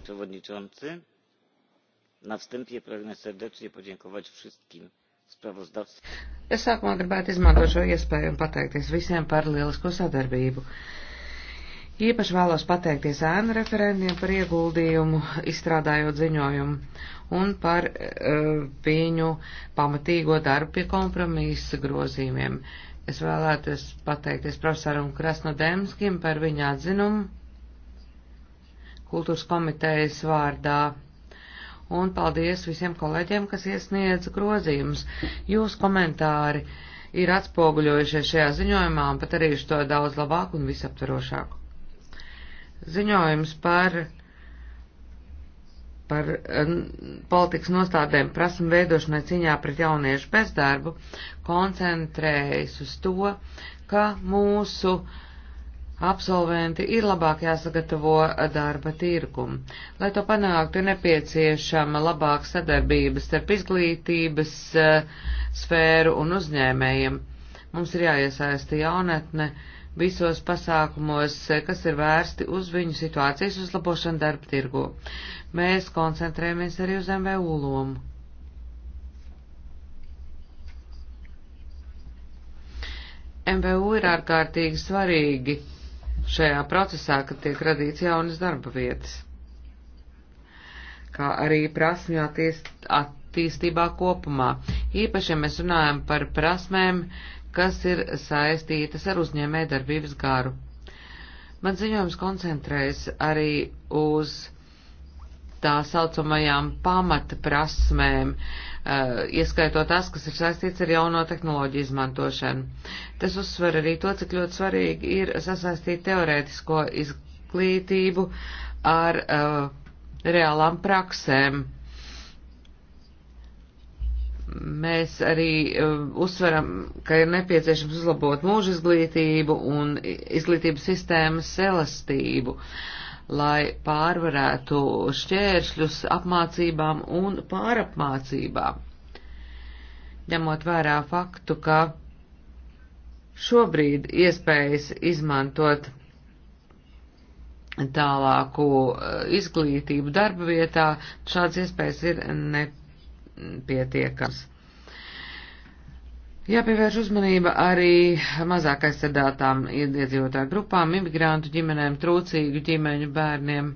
przewodniczący! na wstępie pragnę serdecznie podziękować wszystkim sprawozdawcom. Es sākumā gribētu izmantot šo iespēju un pateikties visiem par lielisko sadarbību. Īpaši vēlos pateikties ēnu referentiem par ieguldījumu, izstrādājot ziņojumu un par uh, viņu pamatīgo darbu pie kompromisa grozījumiem. Es vēlētos pateikties profesoram Krasnodemskim par viņa atzinumu kultūras komitejas vārdā un paldies visiem kolēģiem, kas iesniedz grozījumus. Jūsu komentāri ir atspoguļojušies šajā ziņojumā un pat arī to daudz labāk un visaptverošāk. Ziņojums par, par politikas nostādēm prasmu veidošanai ciņā pret jauniešu bezdarbu koncentrējas uz to, ka mūsu uh, Absolventi ir labāk jāsagatavo darba tirkumu. Lai to panāktu, ir nepieciešama labāka sadarbības starp izglītības eh, sfēru un uzņēmējiem. Mums ir jāiesaista jaunatne visos pasākumos, eh, kas ir vērsti uz viņu situācijas uzlabošanu darba tirgu. Mēs koncentrējamies arī uz MVU lomu. MVU ir ārkārtīgi svarīgi šajā procesā, kad tiek radīts jaunas darba vietas, kā arī prasmju attīstībā kopumā. Īpaši, ja mēs runājam par prasmēm, kas ir saistītas ar uzņēmē darbības garu. Man ziņojums koncentrējas arī uz tā saucamajām pamata prasmēm, uh, Eh, ieskaitot tās, kas ir saistīts ar jauno tehnoloģiju izmantošanu. Tas uzsver arī to, cik ļoti svarīgi ir sasaistīt teorētisko izglītību ar uh, reālām praksēm. Mēs arī uh, uzsveram, ka ir nepieciešams uzlabot mūža izglītību un izglītības sistēmas elastību. Uh, lai pārvarētu šķēršļus apmācībām un pārapmācībām. Ņemot vērā faktu, ka šobrīd iespējas izmantot tālāku eh, izglītību darba vietā, šāds iespējas ir nepietiekams. Jāpievērš uzmanība arī mazāk aizsardātām iedzīvotāju grupām, imigrantu ģimenēm, trūcīgu ģimeņu bērniem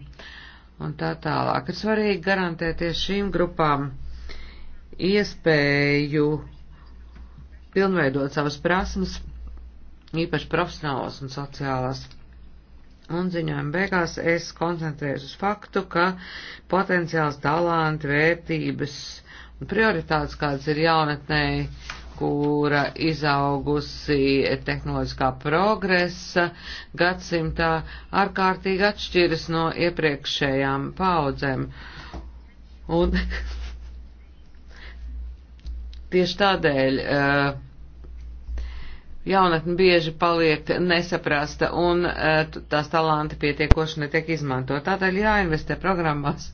un tā tālāk. Ir svarīgi garantēties šīm grupām iespēju pilnveidot savas prasmes, īpaši profesionālas un sociālās. Un ziņojuma beigās es koncentrējos uz faktu, ka potenciāls talanti, vērtības un prioritātes, kādas ir jaunatnēji, kura izaugusi tehnoloģiskā progresa gadsimtā, ārkārtīgi atšķiras no iepriekšējām paudzēm. Un tieši tādēļ eh, jaunatni bieži paliek nesaprasta un eh, tās talanti pietiekoši netiek izmantot. Tādēļ jāinvestē programmās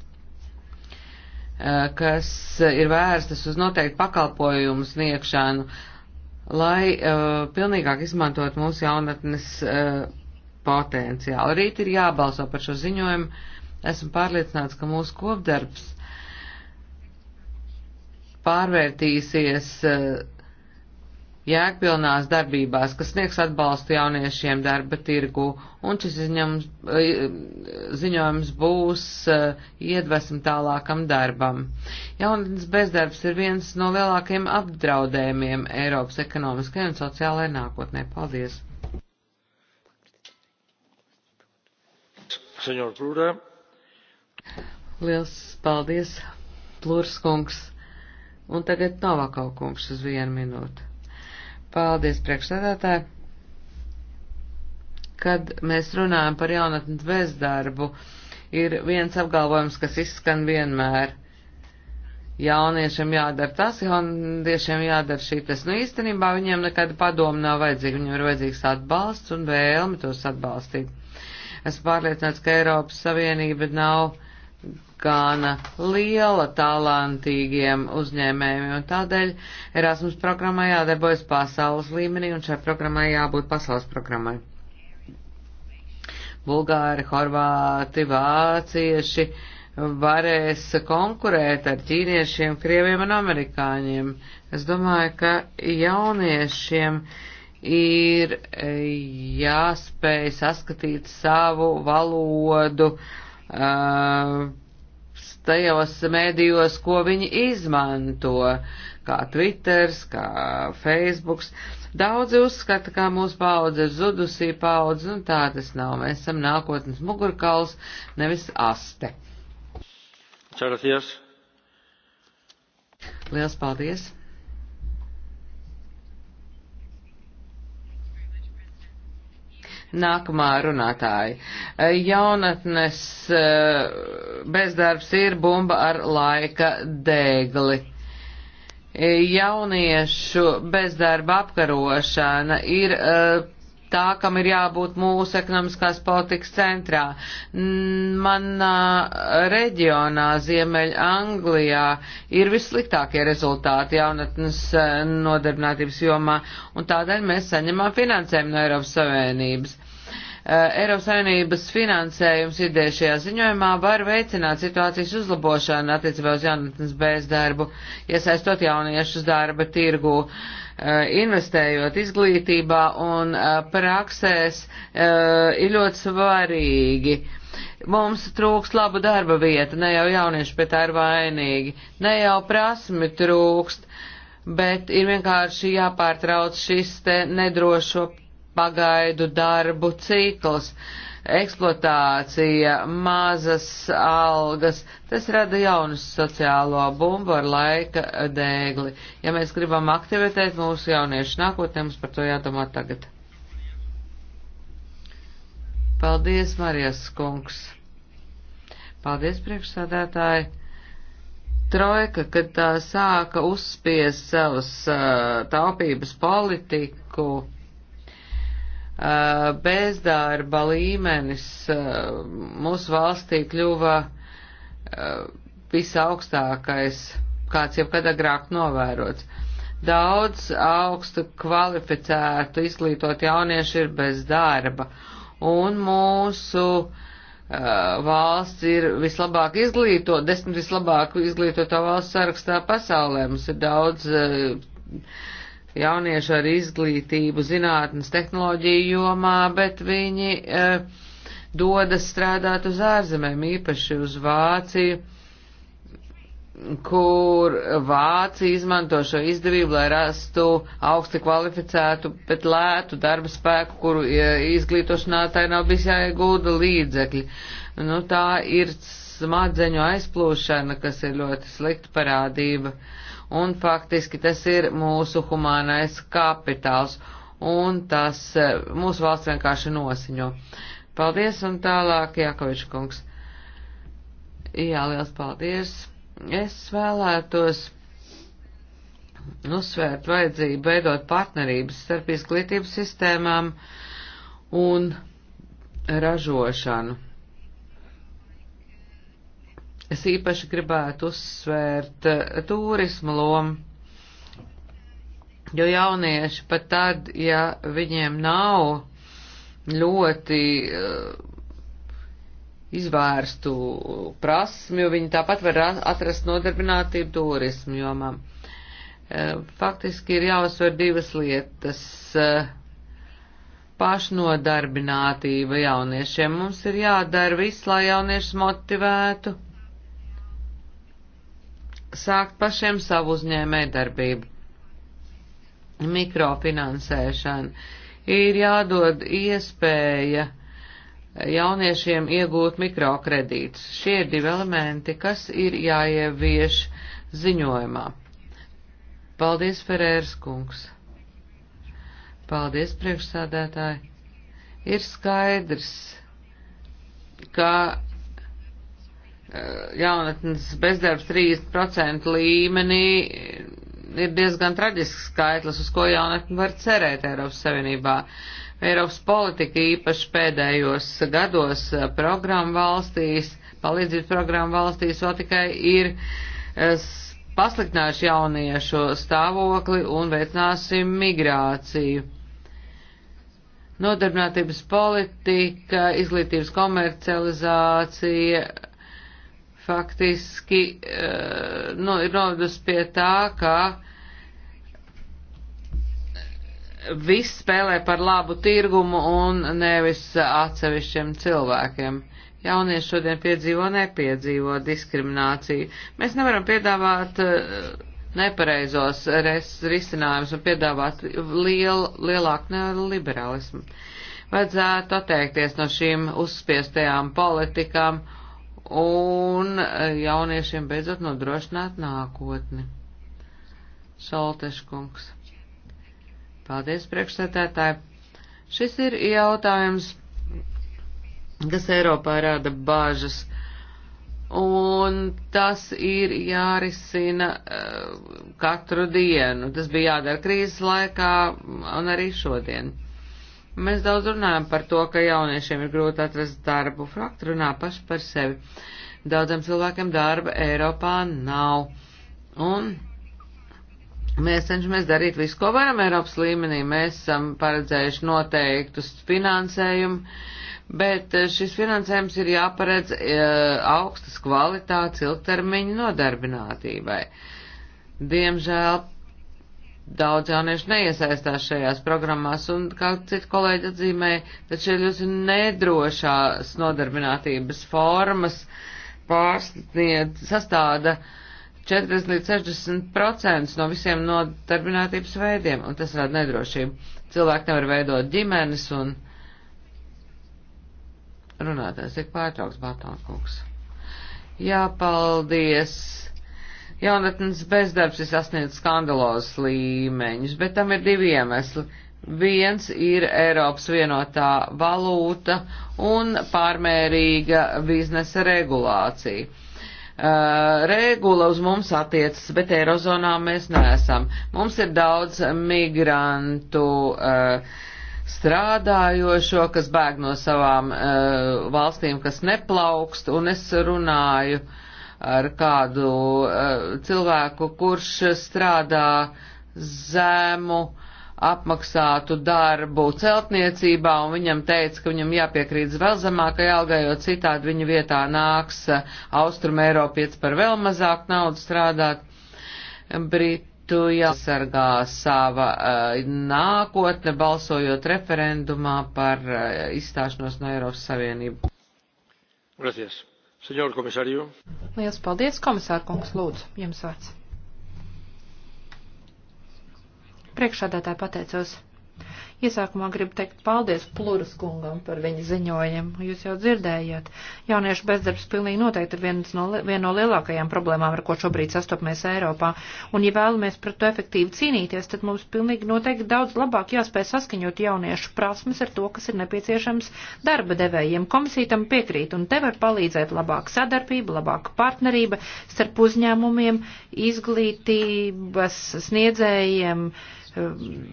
Eh, kas ir vērstas uz noteiktu pakalpojumu sniegšanu, lai uh, pilnīgāk izmantot mūsu jaunatnes uh, potenciālu. Rīt ir jābalso par šo ziņojumu. Esmu pārliecināts, ka mūsu kopdarbs pārvērtīsies uh, jēgpilnās darbībās, kas sniegs atbalstu jauniešiem darba tirgu, un šis izņems, ziņojums būs e, iedvesm tālākam darbam. Jaunatnes bezdarbs ir viens no lielākajiem apdraudējumiem Eiropas ekonomiskajai un sociālajai nākotnē. Paldies! Senjor Plūra. Liels paldies, Plūrskungs. Un tagad Novakaukungs uz vienu minūti. Paldies, priekšsēdētāji. Kad mēs runājam par jaunatnes bezdarbu, ir viens apgalvojums, kas izskan vienmēr. Jauniešiem jādara tas, jauniešiem jādara šī tas. Nu, īstenībā viņiem nekāda padoma nav vajadzīga, viņiem ir vajadzīgs atbalsts un vēlme tos atbalstīt. Esmu pārliecināts, ka Eiropas Savienība nav gana liela talantīgiem uzņēmējiem, un tādēļ Erasmus programmai jādarbojas pasaules līmenī, un šai programmai jābūt pasaules programmai. Bulgāri, horvāti, vācieši varēs konkurēt ar ķīniešiem, krieviem un amerikāņiem. Es domāju, ka jauniešiem ir eh, jāspēj saskatīt savu valodu, uh, tajos mēdījos, ko viņi izmanto, kā Twitters, kā Facebooks. Daudzi uzskata, ka mūsu paudze ir zudusī paudze, un tā tas nav. Mēs esam nākotnes mugurkauls, nevis aste. Čaraties. Liels paldies! Nākamā runātāja jaunatnes eh, bezdarbs ir bumba ar laika dēgli. Jauniešu bezdarba apkarošana ir eh, tā, kam ir jābūt mūsu ekonomiskās politikas centrā. Manā reģionā, Ziemeļa Anglijā, ir vissliktākie rezultāti jaunatnes eh, nodarbinātības jomā, un tādēļ mēs saņemam finansējumu no Eiropas Savienības. Eh, Eiropas Savienības finansējums ideja šajā ziņojumā var veicināt situācijas uzlabošanu attiecībā uz jaunatnes bezdarbu, iesaistot jauniešus darba tirgu, eh, investējot izglītībā un eh, praksēs ir ļoti svarīgi. Mums trūks labu darba vietu, ne jau jaunieši pie tā ir vainīgi, ne jau prasmi trūkst bet ir vienkārši jāpārtrauc šis te nedrošo pagaidu darbu cikls, eksploatācija, mazas algas, tas rada jaunus sociālo bumbu ar laika dēgli. Ja mēs gribam aktivitēt mūsu jauniešu nākotnē, mums par to jādomā tagad. Paldies, Marijas kungs! Paldies, priekšsādātāji! Trojka, kad tā sāka uzspies savas uh, taupības politiku, uh, Eh, bezdarba līmenis eh, mūsu valstī kļuva eh, visaugstākais, kāds jebkad agrāk novērots. Daudz augstu kvalificētu, izglītot jaunieši ir bez darba, un mūsu uh, valsts ir vislabāk izglītot, desmit vislabāk izglītotā valsts sarakstā pasaulē. Mums ir daudz uh, jaunieši ar izglītību zinātnes tehnoloģiju jomā, bet viņi e, dodas strādāt uz ārzemēm, īpaši uz Vāciju, kur Vācija izmanto šo izdevību, lai rastu augsti kvalificētu, bet lētu darba spēku, kuru e, izglītošanā tai nav bijis jāiegūda līdzekļi. Nu, tā ir smadzeņu aizplūšana, kas ir ļoti slikta parādība, un faktiski tas ir mūsu humānais kapitāls, un tas e, mūsu valsts vienkārši nosiņo. Paldies, un tālāk Jakoviča kungs. Jā, liels paldies. Es vēlētos uzsvērt vajadzību veidot partnerības starp izglītības sistēmām un ražošanu. Es īpaši gribētu uzsvērt eh, turismu lomu, jo jaunieši pat tad, ja viņiem nav ļoti eh, izvērstu prasmju, viņi tāpat var atrast nodarbinātību turismu jomām. Eh, faktiski ir jāuzsver divas lietas. Pašnodarbinātība jauniešiem. Mums ir jādara viss, lai jauniešus motivētu sākt pašiem savu uzņēmēju darbību. Mikrofinansēšana. Ir jādod iespēja jauniešiem iegūt mikrokredītus. Šie ir divi elementi, kas ir jāievieš ziņojumā. Paldies, Ferērs kungs! Paldies, priekšsādētāji! Ir skaidrs, ka jaunatnes bezdarbs 30% līmenī ir diezgan traģisks skaitlis, uz ko jaunatni var cerēt Eiropas Savienībā. Eiropas politika īpaši pēdējos gados programmu valstīs, palīdzības programmu valstīs vēl tikai ir eh, pasliktinājuši jauniešu stāvokli un veicināsim migrāciju nodarbinātības politika, izglītības komercializācija, faktiski eh, nu, ir novedusi pie tā, ka viss spēlē par labu tirgumu un nevis atsevišķiem cilvēkiem. Jaunieši šodien piedzīvo, nepiedzīvo diskrimināciju. Mēs nevaram piedāvāt eh, nepareizos risinājumus un piedāvāt liel, lielāku neoliberalismu. Vajadzētu atteikties no šīm uzspiestajām politikām un eh, jauniešiem beidzot nodrošināt nākotni. Šalteškungs. Paldies, priekšsētētāji. Šis ir jautājums, kas Eiropā rada bāžas, un tas ir jārisina eh, katru dienu. Tas bija jādara krīzes laikā un arī šodien. Mēs daudz runājam par to, ka jauniešiem ir grūti atrast darbu. Fakti runā paši par sevi. Daudziem cilvēkiem darba Eiropā nav. Un mēs cenšamies darīt visu, ko varam Eiropas līmenī. Mēs esam paredzējuši noteiktus finansējumu, bet eh, šis finansējums ir jāparedz e, augstas kvalitātes ilgtermiņa nodarbinātībai. Diemžēl daudz jauniešu neiesaistās šajās programmās, un, kā citi kolēģi atzīmēja, tad šie ļoti nedrošās nodarbinātības formas pārsniedz, sastāda 40 līdz 60% no visiem nodarbinātības veidiem, un tas rada nedrošību. Cilvēki nevar veidot ģimenes, un runātājs tiek pārtraukts Bātānkungs. Jā, paldies! Jaunatnes bezdarbs ir sasniedz skandalozus līmeņus, bet tam ir divi iemesli. Viens ir Eiropas vienotā valūta un pārmērīga biznesa regulācija. Uh, regula uz mums attiecas, bet Eirozonā mēs neesam. Mums ir daudz migrantu uh, strādājošo, kas bēg no savām uh, valstīm, kas neplaukst, un es runāju uh, ar kādu uh, cilvēku, kurš strādā zēmu apmaksātu darbu celtniecībā, un viņam teica, ka viņam jāpiekrīt vēl zemākai algai, jo citādi viņa vietā nāks eh, Austrum Eiropietis par vēl mazāk naudu strādāt. Britu jāsargā sava uh, nākotne, balsojot referendumā par uh, izstāšanos no Eiropas Savienību. Gracias. Senjor komisāriju. Lielas paldies, komisārkungs, lūdzu, jums vārds. Priekšādātāji pateicos. Iesākumā gribu teikt paldies Pluras kungam par viņa ziņojumu. Jūs jau dzirdējāt, jauniešu bezdarbs pilnīgi noteikti ir viena no, vien no lielākajām problēmām, ar ko šobrīd sastopamies Eiropā. Un, ja vēlamies pret to efektīvi cīnīties, tad mums pilnīgi noteikti daudz labāk jāspēj saskaņot jauniešu prasmes ar to, kas ir nepieciešams darba devējiem. Komisija tam piekrīt, un te var palīdzēt labāk sadarbība, labāka partnerība starp uzņēmumiem, izglītības sniedzējiem. Um,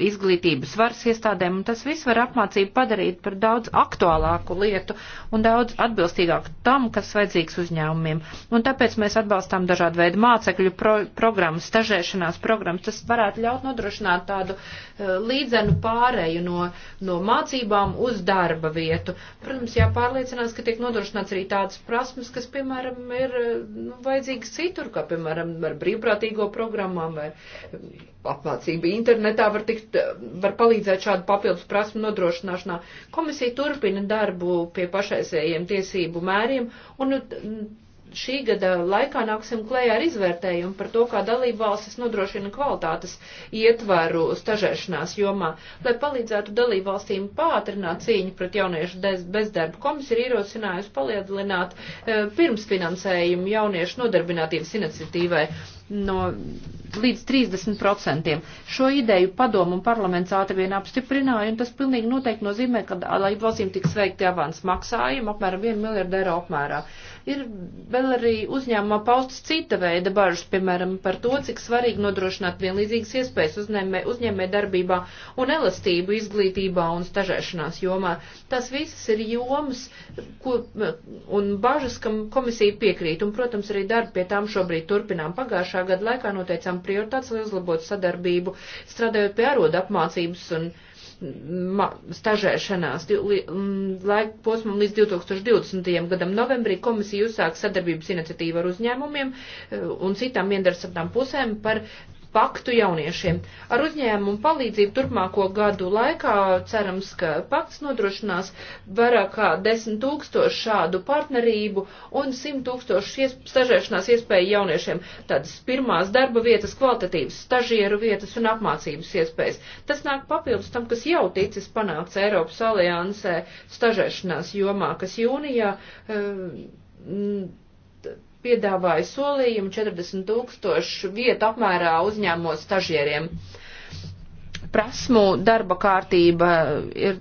izglītības varas iestādēm, un tas viss var apmācību padarīt par daudz aktuālāku lietu un daudz atbilstīgāku tam, kas vajadzīgs uzņēmumiem. Un tāpēc mēs atbalstām dažādu veidu mācekļu pro programmas, stažēšanās programmas. Tas varētu ļaut nodrošināt tādu uh, līdzenu pāreju no, no mācībām uz darba vietu. Protams, jāpārliecinās, ka tiek nodrošināts arī tādas prasmes, kas, piemēram, ir eh, nu, vajadzīgas citur, kā, piemēram, ar brīvprātīgo programmām vai eh, apmācību internetā var tikt sniegt, eh, var palīdzēt šādu papildus prasmu nodrošināšanā. Komisija turpina darbu pie pašaisējiem tiesību mēriem un mm, šī gada laikā nāksim klējā ar izvērtējumu par to, kā dalība valstis nodrošina kvalitātes ietvaru stažēšanās jomā. Lai palīdzētu dalību valstīm pātrināt cīņu pret jauniešu bezdarbu, komisija ir ierosinājusi palielināt e, pirmsfinansējumu jauniešu nodarbinātības iniciatīvai no līdz 30%. Šo ideju padomu un parlaments ātri vien apstiprināja, un tas pilnīgi noteikti nozīmē, ka dalību valstīm tiks veikti avans maksājumi apmēram 1 miljardu eiro apmērā. Ir vēl arī uzņēmumā paustas cita veida bažas, piemēram, par to, cik svarīgi nodrošināt vienlīdzīgas iespējas uzņēmē, uzņēmē darbībā un elastību izglītībā un stažēšanās jomā. Tas visas ir jomas ko, un bažas, kam komisija piekrīt, un, protams, arī darbu pie tām šobrīd turpinām. Pagājušā gada laikā noteicām izvirzām prioritātes, lai uzlabotu sadarbību, strādājot pie arodu apmācības un mm, stažēšanās mm, laika posmam līdz 2020. gadam. Novembrī komisija uzsāk sadarbības iniciatīvu ar uzņēmumiem eh, un citām iendarsatām pusēm par paktu jauniešiem. Ar uzņēmumu palīdzību turpmāko gadu laikā cerams, ka pakts nodrošinās vairāk kā 10 tūkstošu šādu partnerību un 100 tūkstošu iesp stažēšanās iespēju jauniešiem, tādas pirmās darba vietas, kvalitatīvas stažieru vietas un apmācības iespējas. Tas nāk papildus tam, kas jau ticis panākts Eiropas aliansē stažēšanās jomā, kas jūnijā. Uh, e piedāvāja solījumu 40 tūkstošu vietu apmērā uzņēmot stažieriem. Prasmu darba kārtība ir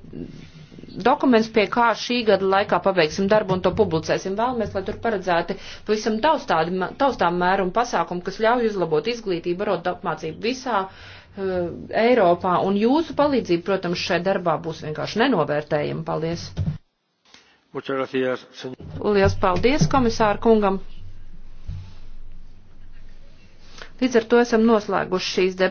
dokuments, pie kā šī gada laikā pabeigsim darbu un to publicēsim. Vēlamies, lai tur paredzēti pavisam taustām taustā mēru un pasākumu, kas ļauj uzlabot izglītību, varot apmācību visā uh, Eiropā. Un jūsu palīdzība, protams, šai darbā būs vienkārši nenovērtējama. Paldies! Lielas paldies komisāru kungam! Līdz ar to esam noslēguši šīs debatas.